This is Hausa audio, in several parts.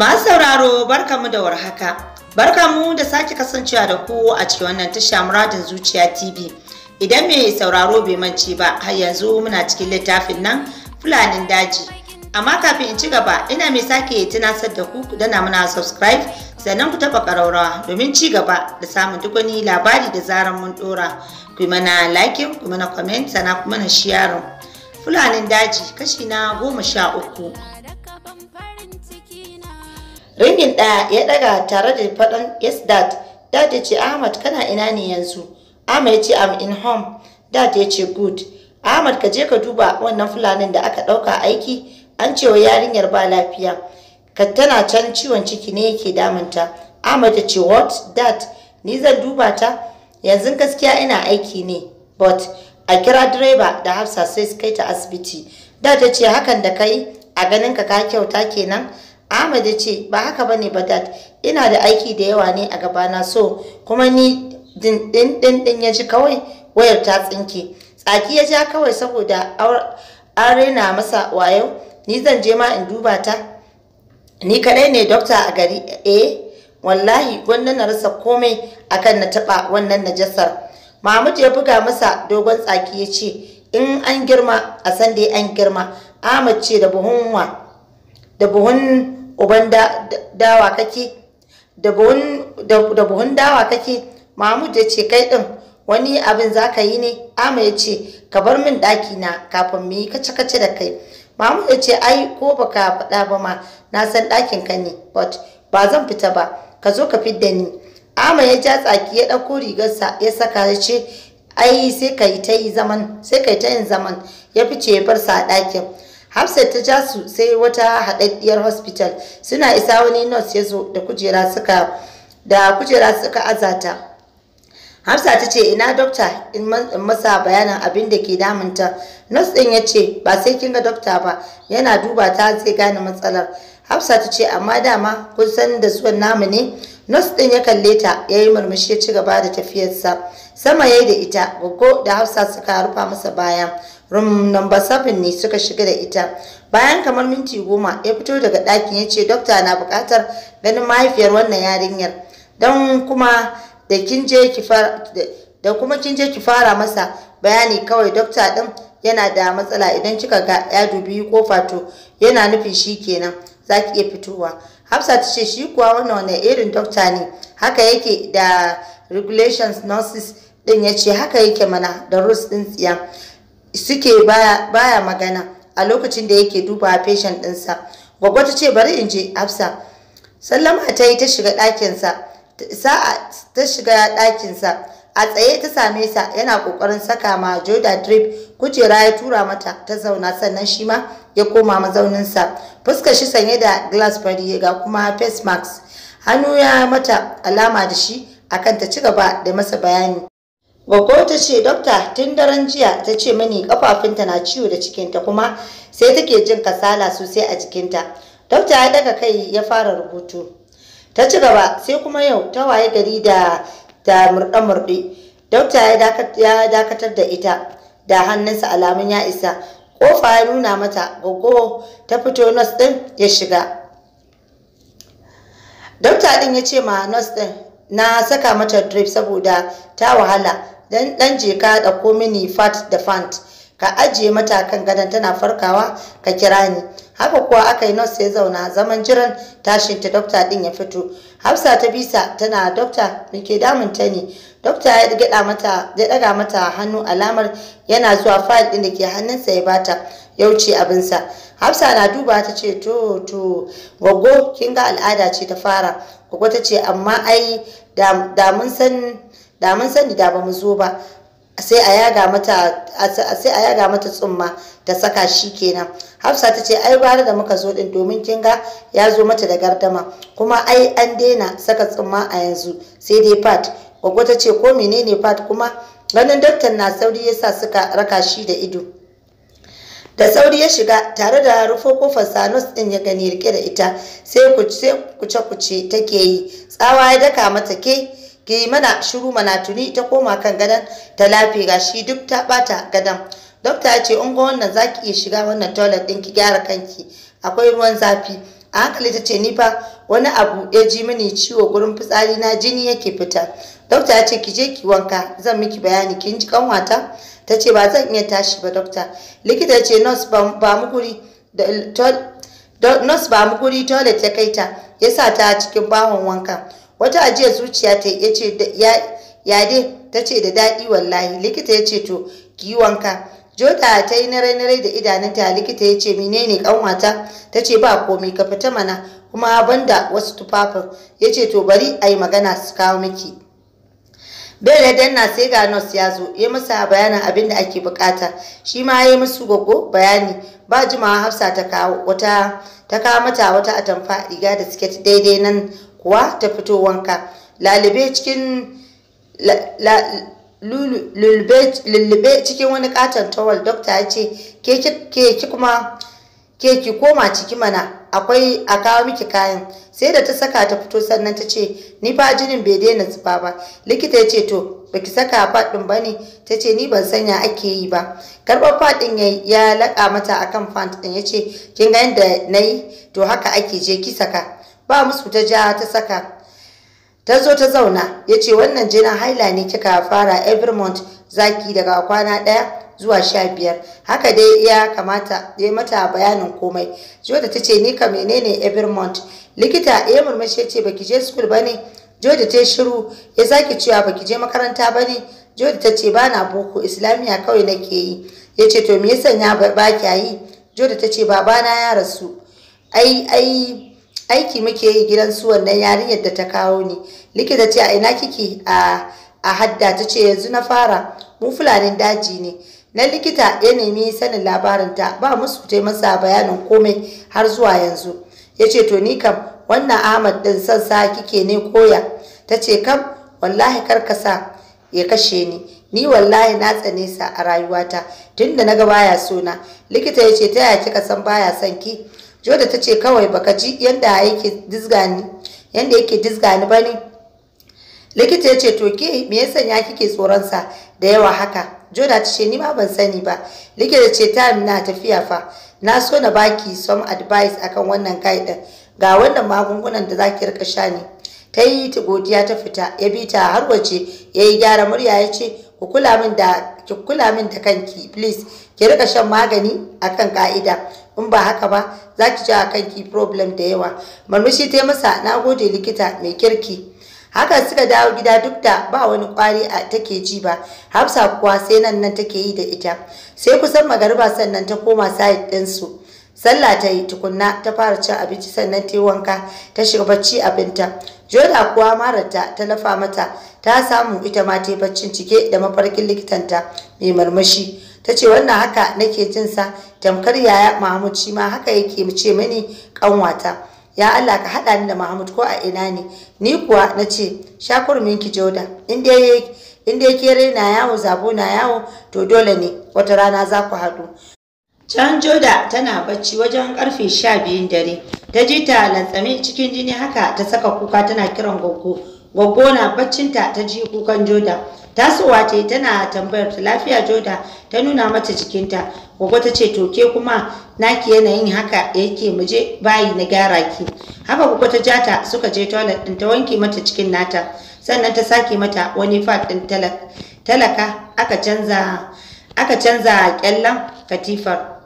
Masu sauraro barka mu da warhaka. mu da sake kasancewa da ku a cikin wannan tasha muradin zuciya TV. Idan mai sauraro bai mance ba, har yanzu muna cikin littafin nan Fulanin daji. Amma kafin in ci gaba, ina mai sake tunasar da ku dana muna subscribe sannan ku taɓa ƙaraurawa domin ci gaba da samun duk wani labari da zaran mun ɗora. Ku mana like, ku mana comment, sannan ku mana sharing. Fulanin daji kashi na goma sha uku. ringin ɗaya ya ɗaga tare da faɗan yes dad dad ya ce ahmad kana ina ne yanzu ahmad ya ce am in home dad ya ce good ahmad ka je ka duba wannan fulanin da aka ɗauka aiki an cewa yarinyar ba lafiya ka tana can ciwon ciki ne yake damunta ahmad ya ce what dad ni zan duba ta yanzu gaskiya ina aiki ne but a kira direba da hafsa sai su kai ta asibiti dad ya ce hakan da kai a ganin ka ka kyauta kenan Ahmad ya ce ba haka bane Badat ina da aiki da yawa ne a gabana so kuma ni din din din ya ji kawai wayar ta tsinke tsaki ya ja kawai saboda arena rena masa wayo ni zan je ma in duba ta ni kadai ne dokta a gari eh wallahi gwanda na rasa komai akan na taba wannan najasar Mahmud ya buga masa dogon tsaki ya ce in an girma a san dai an girma Ahmad ce da buhunwa da buhun uban dawa kake da buhun dawa kake mahmud ya ce kai din, wani abin za ka yi ne ama ya ce ka bar min daki na kafin mu yi kace-kace da kai mahmud ya ce ai ko ba ka faɗa ba ma na san ɗakin ka ne but ba zan fita ba ka zo ka fi da ni ama ya ja tsaki ya ɗauko rigarsa ya saka ya ce ai sai ka yi ta yin zaman ya fice ya bar sa a ɗakin Hafsat ta ja su sai wata haɗaɗɗiyar hospital suna isa wani nurse ya zo da kujera suka da kujera suka azata. Hafsa ta ce ina dokta in masa bayanin abin da ke damunta. Nurse ɗin ya ce ba sai kin ga dokta ba yana duba ta zai gane matsalar. Hafsa ta ce amma dama kun san da suwan namu ne. Nurse ɗin ya kalle ta ya yi murmushi ya ci gaba da tafiyarsa. sama ya yi da ita gogo da hafsa suka rufa masa baya room number 7 ne suka shiga da ita bayan kamar minti goma ya fito daga ɗakin ya ce dokta na buƙatar ganin mahaifiyar wannan yarinyar don kuma da kin je ki fara kuma kin je ki fara masa bayani kawai dokta ɗin yana da matsala idan kika ga ya dubi ko fato yana nufin shi kenan za ki iya fitowa hafsa ta ce shi kuwa wannan wani irin dokta ne haka yake da regulations nurses din ya ce haka yake mana da rus din tsiya suke baya, magana a lokacin da yake duba patient ɗinsa gwagwa ta ce bari in je hafsa sallama ta yi ta shiga ɗakinsa sa'a ta shiga ɗakinsa a tsaye ta same sa yana ƙoƙarin saka ma joda drip kujera ya tura mata ta zauna sannan shi ma ya koma mazauninsa fuskar shi sanye da glass fari ga kuma face mask hannu ya mata alama da shi akan ta ci gaba da masa bayani Goggo ta ce, Dokta, tun daren jiya ta ce mani kafafinta na ciwo da cikinta kuma sai take jin kasala sosai a jikinta. Dokta ya daga kai ya fara rubutu. Ta ci gaba sai kuma yau ta waye gari da ta murɗe-murɗe. Dokta ya dakatar da ita da hannunsa alamun ya isa. Kofa ya nuna mata gogo ta fito nos ɗin ya shiga. Dokta ɗin ya ce ma nos ɗin na saka mata drip saboda ta wahala dan je ka da mini fat da fant ka ajiye mata kan gadon tana farkawa ka kira ni haka kuwa aka yi nurse ya zauna zaman jiran tashin ta dokta din ya fito hafsa ta bisa tana dokta me damun ta ne dokta ya daga mata ya daga mata hannu alamar yana zuwa file din da ke hannunsa ya bata ya wuce abinsa hafsa na duba ta ce to to gogo kin ga al'ada ce ta fara gogo ta ce amma ai da mun san da mun sani da ba mu zo ba sai a yaga mata sai a tsumma ta saka shi kenan hafsa ta ce ai bara da muka zo din domin kin ga ya zo mata da gardama kuma ai an daina saka tsumma a yanzu sai dai fat gwaggo ta ce ko menene fat kuma ganin daktar na sauri yasa suka raka shi da ido da sauri ya shiga tare da rufo kofar sanus din ya gani rike da ita sai kuce kuce take yi tsawa ya daka mata ke ke mana shiru mana tuni ta koma kan gadon ta lafe shi duk ta bata gadon dokta ce in ga wannan zaki iya shiga wannan toilet din ki gyara kanki akwai ruwan zafi a hankali ta ce ni fa wani abu ya ji mini ciwo gurin fitsari na jini yake fita dokta ya ce ki je ki wanka zan miki bayani kin ji kanwata ta ce ba zan iya tashi ba dokta likita ya ce nurse ba mu guri nurse ba mu guri toilet ya kai ta ya sa ta cikin bawon wanka wata ajiya zuciya ta ya ce ya dai ta ce da daɗi wallahi likita ya ce to ki yi wanka jota ta yi nare-nare da idanunta likita ya ce menene kanwata ta ce ba komai ka fita mana kuma banda wasu tufafin ya ce to bari a yi magana su kawo miki bai da danna sai ga nurse ya zo ya masa bayanin abin da ake bukata shi ma ya yi musu gogo bayani ba jimawa hafsa ta kawo wata ta kawo mata wata atamfa riga da siket daidai nan kuwa ta fito wanka lalube cikin lullube cikin wani katon towel dokta ya ce ke kuma ki koma ciki mana akwai a kawo miki kayan sai da ta saka ta fito sannan ta ce ni ba jinin bai daina zuba ba likita ya ce to baki saka faɗin ba ne ta ce ni ban sanya ake yi ba karɓar faɗin ya laƙa mata akan fant ɗin ya ce kin ga yadda na yi to haka ake je ki saka ba musu ta ja ta saka ta zo ta zauna ya ce wannan jinin haila ne kika fara every month zaki daga kwana ɗaya zuwa sha biyar haka dai ya kamata ya mata bayanin komai joda ta ce ni ka menene every month likita ya murmushi ya ce baki je school ba ne joda ta shiru ya zaki cewa baki je makaranta ba ne joda ta ce ba na boko islamiyya kawai nake yi ya ce to me ya sanya ba kya yi joda ta ce babana ya rasu ai ai aiki muke yi gidan su wannan yarinyar da ta kawo ni likita ce a ina kike a a hadda ta ce yanzu na fara mu fulanin daji ne na likita ya nemi sanin labarinta ba musu ta masa bayanin komai har zuwa yanzu ya ce to ni kam wannan ahmad din son sa kike ne koya ta ce kam wallahi karkasa ya kashe ni ni wallahi na tsane sa a rayuwata tunda naga baya sona likita ya ce ta yaya kika san baya son ki joda ta ce kawai baka ji yadda yake dizga ni yadda yake dizga ni bane likita ya ce to ke me ya sanya kike tsoron sa da yawa haka joda ta ce ni ma ban sani ba likita ce ta na tafiya fa na so na baki some advice akan wannan kai din ga wannan magungunan da zaki rika sha ne ta yi ta godiya ta fita ya bi ta har waje ya yi gyara murya ya ce ku kula min da ki kula min da kanki please ki rika shan magani akan ka'ida in ba haka ba za ki ji a kanki problem da yawa murmushi ta masa na gode likita mai kirki haka suka dawo gida duk da ba wani kwari a take ji ba hafsa kuwa sai nan nan take yi da ita sai kusan magariba sannan ta koma side su. sallah ta yi tukunna ta fara cin abinci sannan ta yi wanka ta shiga bacci abinta joda kuwa marata ta lafa mata ta samu ita ma ta yi baccin cike da mafarkin likitanta mai marmashi ta ce wannan haka nake jin sa tamkar yaya mahamud shi ma haka yake ce mani kanwata ya Allah ka haɗa ni da mahmud ko a ina ne ni kuwa na ce shakurmin ki joda in dai ke raina yawo zabo na yawo to dole ne wata rana za ku haɗu Can Joda tana bacci wajen karfe sha biyun dare, ta ji ta lantsami cikin jini haka ta saka kuka tana kiran goggo gwaggona na baccinta ta ji kukan Joda. Tasowa ce tana tambayar ta lafiya Joda ta nuna mata jikinta. Gwaggo ta ce to ke kuma naki yanayin haka yake muje bayi na gyara ki. Haka gwaggo ta jata suka je toilet ɗin ta wanke mata cikin nata. Sannan ta sake mata wani fat ɗin talaka aka canza aka canza kyallan katifar.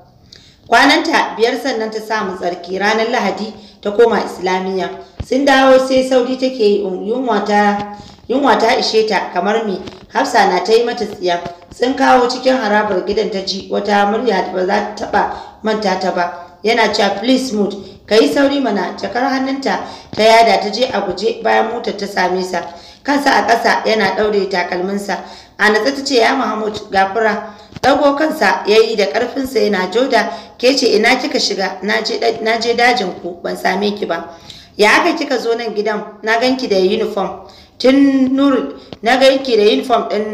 Kwananta biyar sannan ta samu tsarki ranar Lahadi ta koma Islamiyya. sun dawo sai sauri take yi um, yunwa ta yunwa ta ishe ta kamar me hafsa na ta yi mata tsiya sun kawo cikin harabar gidan ta ji wata murya ba za ta taba manta ta ba yana cewa please mood ka yi sauri mana jakar hannunta ta yada ta je a guje bayan motar ta same sa kansa a ƙasa yana ɗaure takalminsa a natsa ta ce ya mahmud gafura ɗago kansa ya yi da ƙarfinsa yana joda ke ce ina kika shiga na je dajin ku ban same ki ba ya aka kika zo nan gidan na ganki da uniform tun nur na ganki da uniform din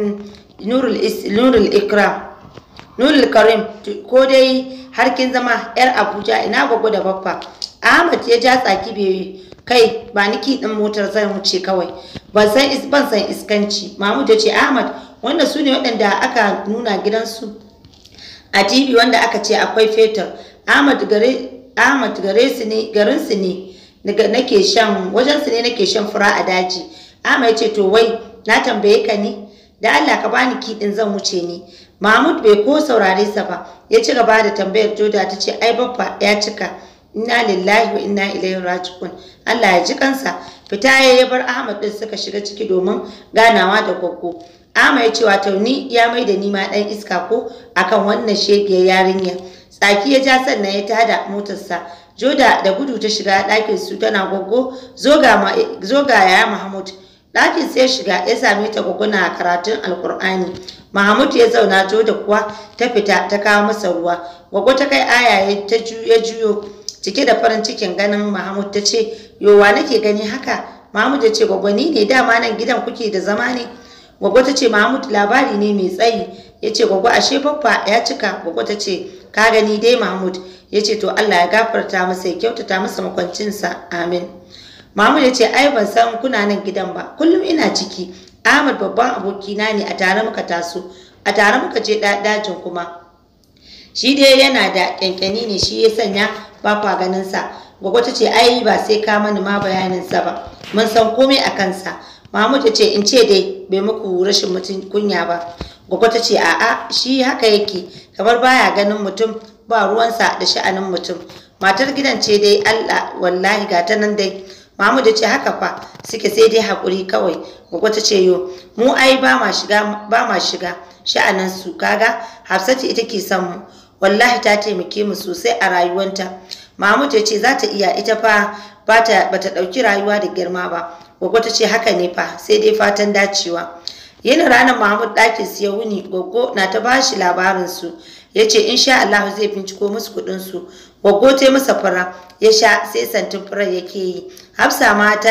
nurul nurul ikram nurul karim ko dai har kin zama yar abuja ina gogo da baffa ahmad ya ja tsaki bai kai ba niki din motar zan wuce kawai ban san ban san iskanci mahmud ya ce ahmad wannan su ne waɗanda aka nuna gidansu a tv wanda aka ce akwai fetur ahmad gare ahmad gare su ne garin su ne nake shan wajen su ne nake shan fura a daji ama ya ce to wai na tambaye ka ne da Allah ka bani kiɗin zan wuce ni Mahmud bai ko saurare sa ba ya ci gaba da tambayar Joda ta ce ai baffa ya cika inna lillahi wa inna ilaihi raji'un Allah ya ji kansa fita ya yi bar Ahmad din suka shiga ciki domin ganawa da gwaggo Ahmad ya ce wato ni ya mai da nima dan iska ko akan wannan shege yarinya tsaki ya ja sannan ya tada motarsa joda da gudu ta shiga ɗakin su tana gwaggo zoga ya mahmud ɗakin sai shiga ya same ta na karatun alkur'ani mahmud ya zauna joda kuwa ta fita ta kawo masa ruwa gwaggo ta kai aya ta juyo juyo cike da farin cikin ganin mahamud ta ce yowa nake gani haka mahamud ya ce gwaggo ni ne dama nan gidan kuke da zama ne gwaggo ta ce mahmud labari ne mai tsayi ya ce gwaggo ashe faffa!'. ya cika gwaggo ta ce ka gani dai mahmud ya ce to Allah ya gafarta masa ya kyautata masa makwancinsa amin Mahmud ya ce ai ban san kuna nan gidan ba kullum ina ciki Ahmad babban abokina ne a tare muka taso a tare muka je dajin kuma shi dai yana da kyankyani ne shi ya sanya ba kwa ganin sa gwagwa ta ce ai ba sai ka mani ma bayanin sa ba mun san komai a kansa Mahmud ya ce in ce dai bai muku rashin mutun kunya ba gwagwa ta ce a'a shi haka yake kamar baya ganin mutum ba ruwansa da sha'anin mutum matar gidan ce dai Allah wallahi ga ta nan dai Mahmud ya ce haka fa suke sai dai hakuri kawai gwagwa ta ce yo mu ai ba ma shiga ba ma shiga sha'anin su kaga Hafsatu ita ke son mu wallahi ta taimake mu sosai a rayuwanta Mahmud ya ce za ta iya ita fa ba ta ɗauki rayuwa da girma ba Goggo ta ce haka ne fa sai dai fatan dacewa yin ranar Mahmud ɗakin siya wuni Goggo na ta bashi labarin su ya ce in sha Allah zai binciko musu kuɗinsu wagote masa fura ya sha sai santin furar yake yi hafsa ma ta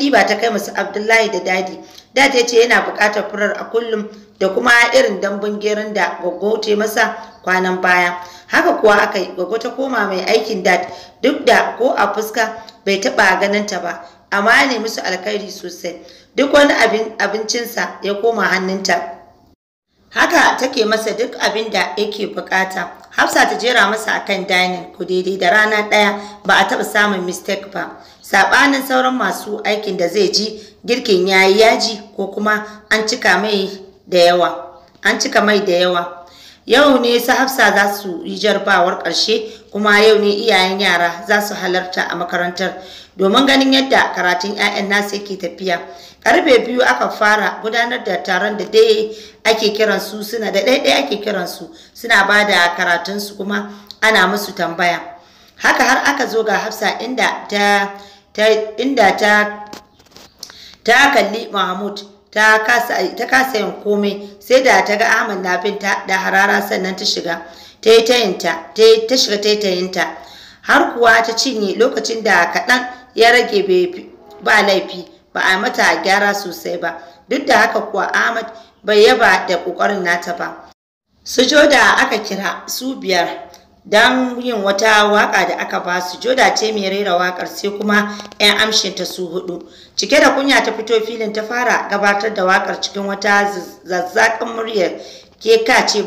ɗiba ta kai musu abdullahi da dadi da ta ce yana buƙatar furar a kullum da kuma irin dambun gerin da gwagote masa kwanan baya haka kuwa aka yi gwaggo ta koma mai aikin dad, duk da ko a fuska bai taɓa ganin ta ba amma ne musu alkhairi sosai duk wani abincinsa ya koma hannunta haka take masa duk abin da yake bukata hafsa ta jera masa akan dining ku daidai da rana ɗaya ba a taɓa samun mistake ba saɓanin sauran masu aikin da zai ji girkin ya yi yaji ko kuma an cika mai da yawa an cika mai da yawa yau ne su hafsa za su yi jarabawar ƙarshe kuma yau ne iyayen yara za su halarta a makarantar domin ganin yadda karatun 'ya'yan nasu yake tafiya karfe biyu aka fara gudanar da taron da dai ake kiran suna da ake kiransu suna ba da karatunsu kuma ana musu tambaya haka har aka zo ga hafsa inda ta kalli mahmud ta kasa yin komai sai da ta ga ahmad na binta da harara sannan ta shiga ta ta shiga ta har kuwa ta cinye lokacin da kaɗan ya rage ba laifi ba a mata gyara sosai ba duk da haka kuwa ahmad bai yaba da ƙoƙarin nata ba Su joda aka kira su biyar don yin wata waka da aka ba su joda ce mai raira wakar sai kuma 'yan amshin ta su hudu cike da kunya ta fito filin ta fara gabatar da wakar cikin wata zazzakan muryar ke ce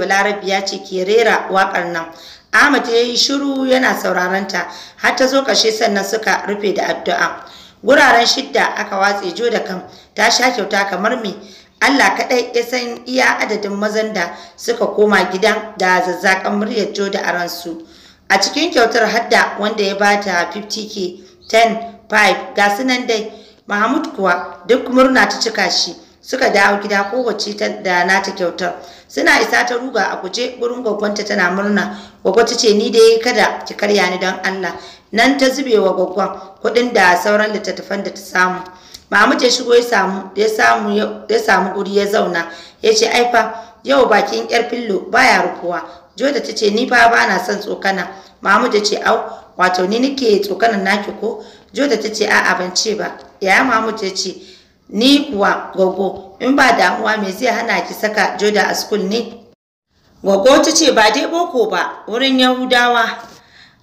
ya ce ke rera wakar nan ahmad ya yi shiru yana sauraron ta har ta zo ƙarshe sannan suka rufe da addu'a guraren shidda aka watse jo da kam ta sha kyauta kamar me Allah kaɗai ya san iya adadin mazan da suka koma gidan da zazzakan muryar jo da su A cikin kyautar hadda wanda ya bata 50k 10 5 ga sunan dai Mahmud kuwa duk murna ta cika shi suka dawo gida kowace ta da nata kyautar suna isa ta ruga a kuje gurin gwagwanta tana murna gwagwa ce ni dai kada ki karya ni don Allah nan ta zube wa kuɗin da sauran littattafan da ta samu mamu ta shigo ya samu ya samu ya samu guri ya zauna ya ce ai fa yau bakin yar fillo baya rukuwa? joda ta ce ni fa ba na son tsokana mamu ta ce au wato ni nake tsokanan naki ko joda ta ce a'a ban ce ba yaya mamu ta ce ni kuwa gogo in ba damuwa me zai hana ki saka joda a school ne gogo ta ce ba dai boko ba wurin yahudawa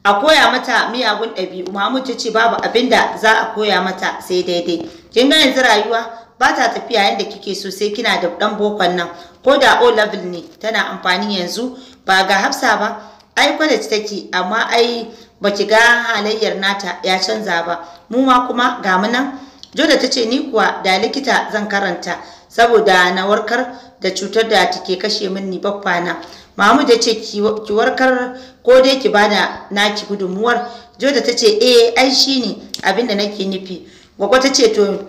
a koya mata miyagun ɗabi'u Mahmud ta ce babu abin da za a koya mata sai daidai kin ga yanzu rayuwa ba ta tafiya yadda kike so sai kina da ɗan bokon nan ko da o level ne tana amfani yanzu ba ga hafsa ba ai college take amma ai baki ga halayyar nata ya canza ba mu ma kuma ga mu nan Joda ta ce ni kuwa da likita zan karanta saboda na warkar da cutar da take kashe min ni baffana Mahmud ya ce ki warkar ko dai ki bada naki gudunmuwar Joda ta ce eh ai shine abin da nake nufi gwagwa ta ce to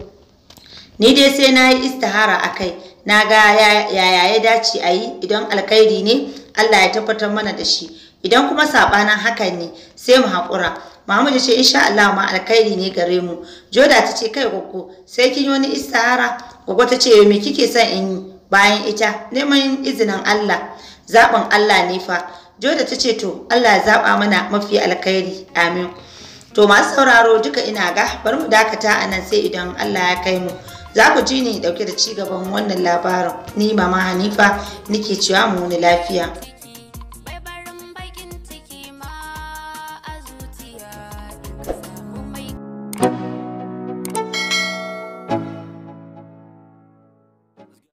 ni dai sai na yi istihara a kai na ga yaya ya dace a yi idan alkhairi ne Allah ya tabbatar mana da shi idan kuma sabanin hakan ne sai mu haƙura Mahmud ya ce insha Allah ma alkhairi ne gare mu Joda ta ce kai gwaggo sai kin yi wani istihara gwagwa ta ce me kike son in yi bayan ita neman izinin Allah zaɓin Allah ne fa Joda ta ce to Allah ya zaɓa mana mafi alkhairi amin to masu sauraro duka ina ga bari mu dakata a nan sai idan Allah ya kai mu za ku ji ni dauke da ci gaban wannan labarin ni mama Hanifa nike cewa mu wani lafiya